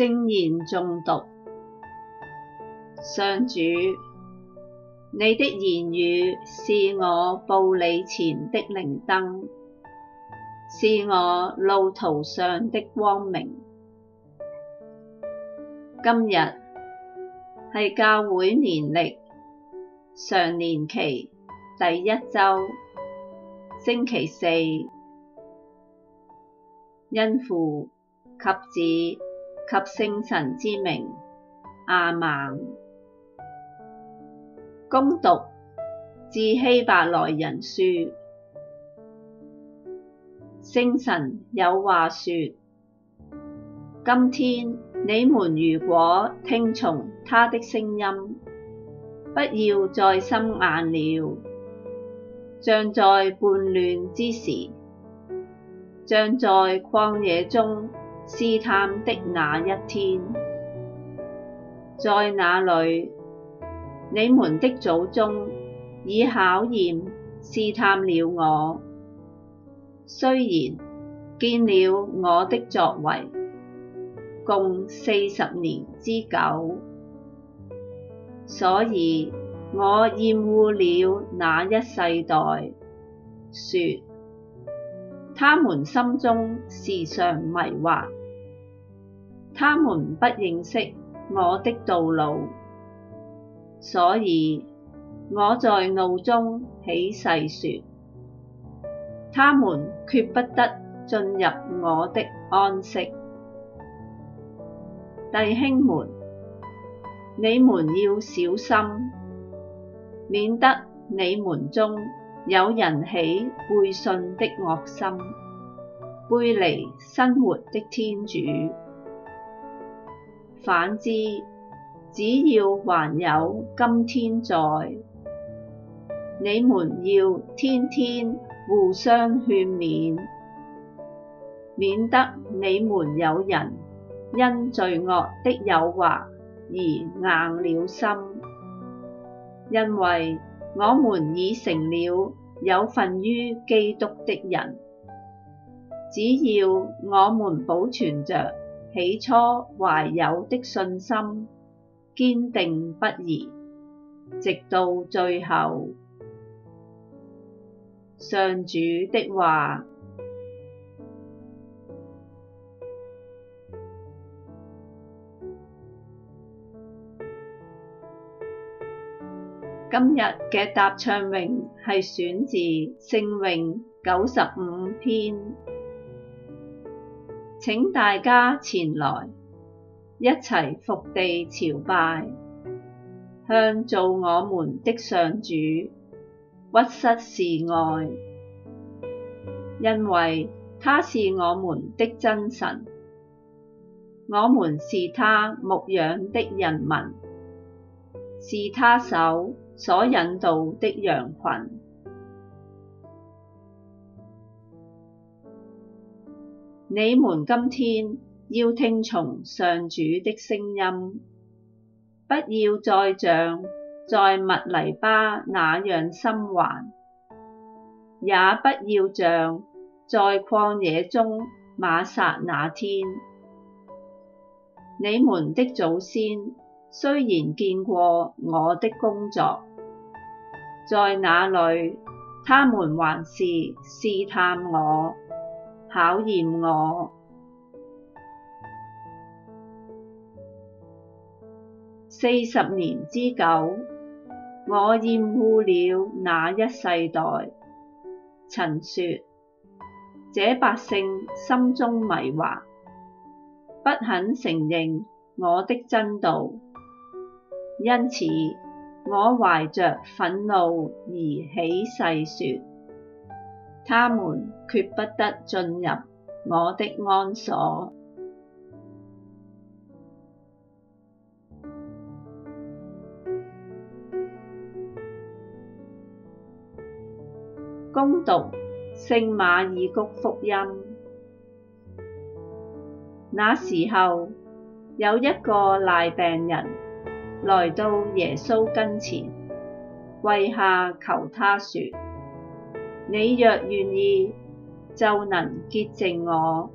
聖言中毒，上主，你的言語是我步履前的靈燈，是我路途上的光明。今日係教會年曆常年期第一週星期四，因父及子，及聖神之名，阿曼。恭讀致希伯來人書，聖神有話說：今天你們如果聽從他的聲音，不要再心硬了，像在叛亂之時，像在曠野中。試探的那一天，在那裏，你們的祖宗以考驗試探了我，雖然見了我的作為，共四十年之久，所以我厭惡了那一世代，說他們心中時常迷惑。他們不認識我的道路，所以我在怒中起誓説：他們決不得進入我的安息。弟兄們，你們要小心，免得你們中有人起背信的惡心，背離生活的天主。反之，只要還有今天在，你們要天天互相勸勉，免得你們有人因罪惡的誘惑而硬了心。因為我們已成了有份於基督的人，只要我們保存着。起初懷有的信心，堅定不移，直到最後。上主的話。今日嘅答唱詠係選自聖詠九十五篇。請大家前來，一齊伏地朝拜，向造我們的上主，屈膝示愛，因為他是我們的真神，我們是他牧養的人民，是他手所引導的羊群。你們今天要聽從上主的聲音，不要再像在默黎巴那樣心頑，也不要像在曠野中瑪撒那天。你們的祖先雖然見過我的工作，在那裏他們還是試探我。考驗我四十年之久，我厭惡了那一世代。曾說，這百姓心中迷惑，不肯承認我的真道，因此我懷着憤怒而起誓說。他們決不得進入我的安所。恭讀《聖馬爾谷福音》。那時候，有一個癩病人來到耶穌跟前，跪下求他說。你若願意，就能潔淨我。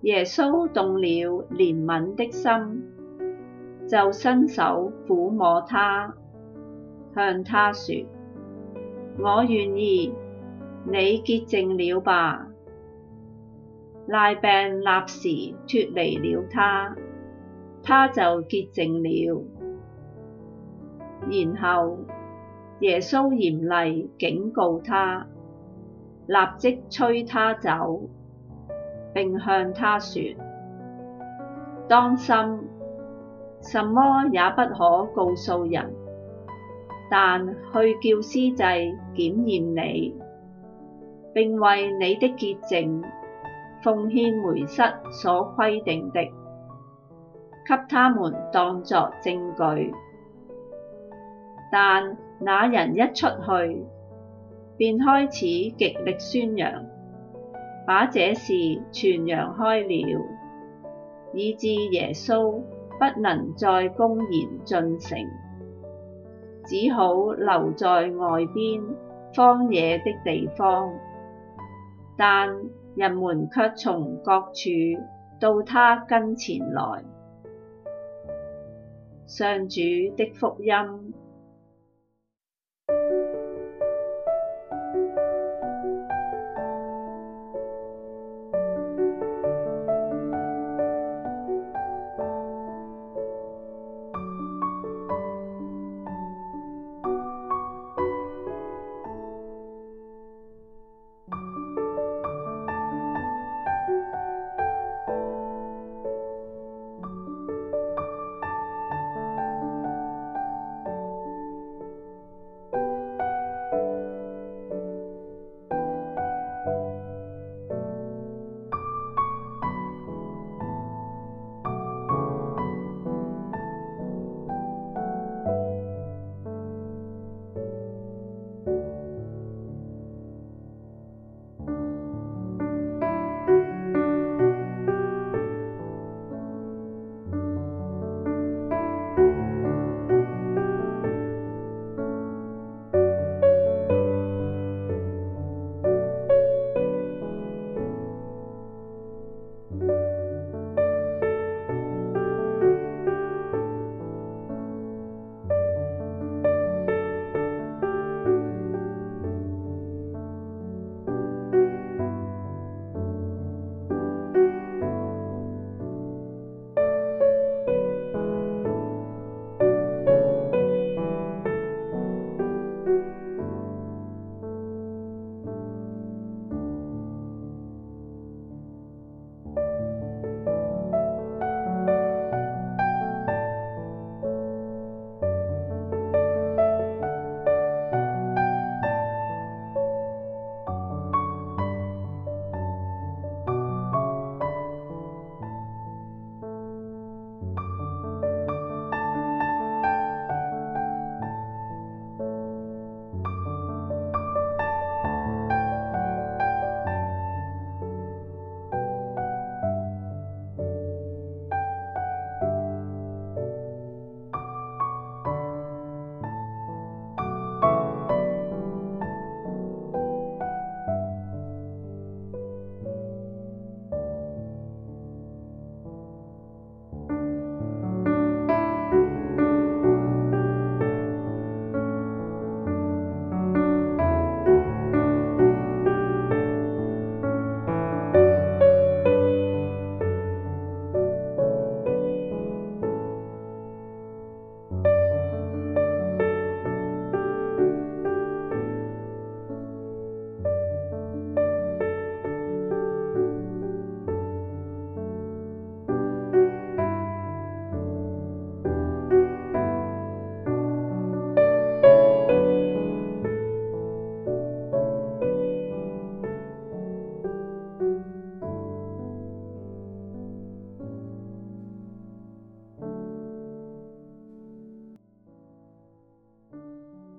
耶穌動了憐憫的心，就伸手撫摸他，向他說：我願意，你潔淨了吧。癩病立時脫離了他，他就潔淨了。然後。耶穌嚴厲警告他，立即催他走，並向他說：當心，什麼也不可告訴人，但去叫司祭檢驗你，並為你的潔淨奉獻梅瑟所規定的，給他們當作證據。但那人一出去，便開始極力宣揚，把這事傳揚開了，以致耶穌不能再公然進城，只好留在外邊荒野的地方。但人們卻從各處到他跟前來，上主的福音。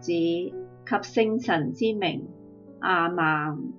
及子及聖神之名，阿們。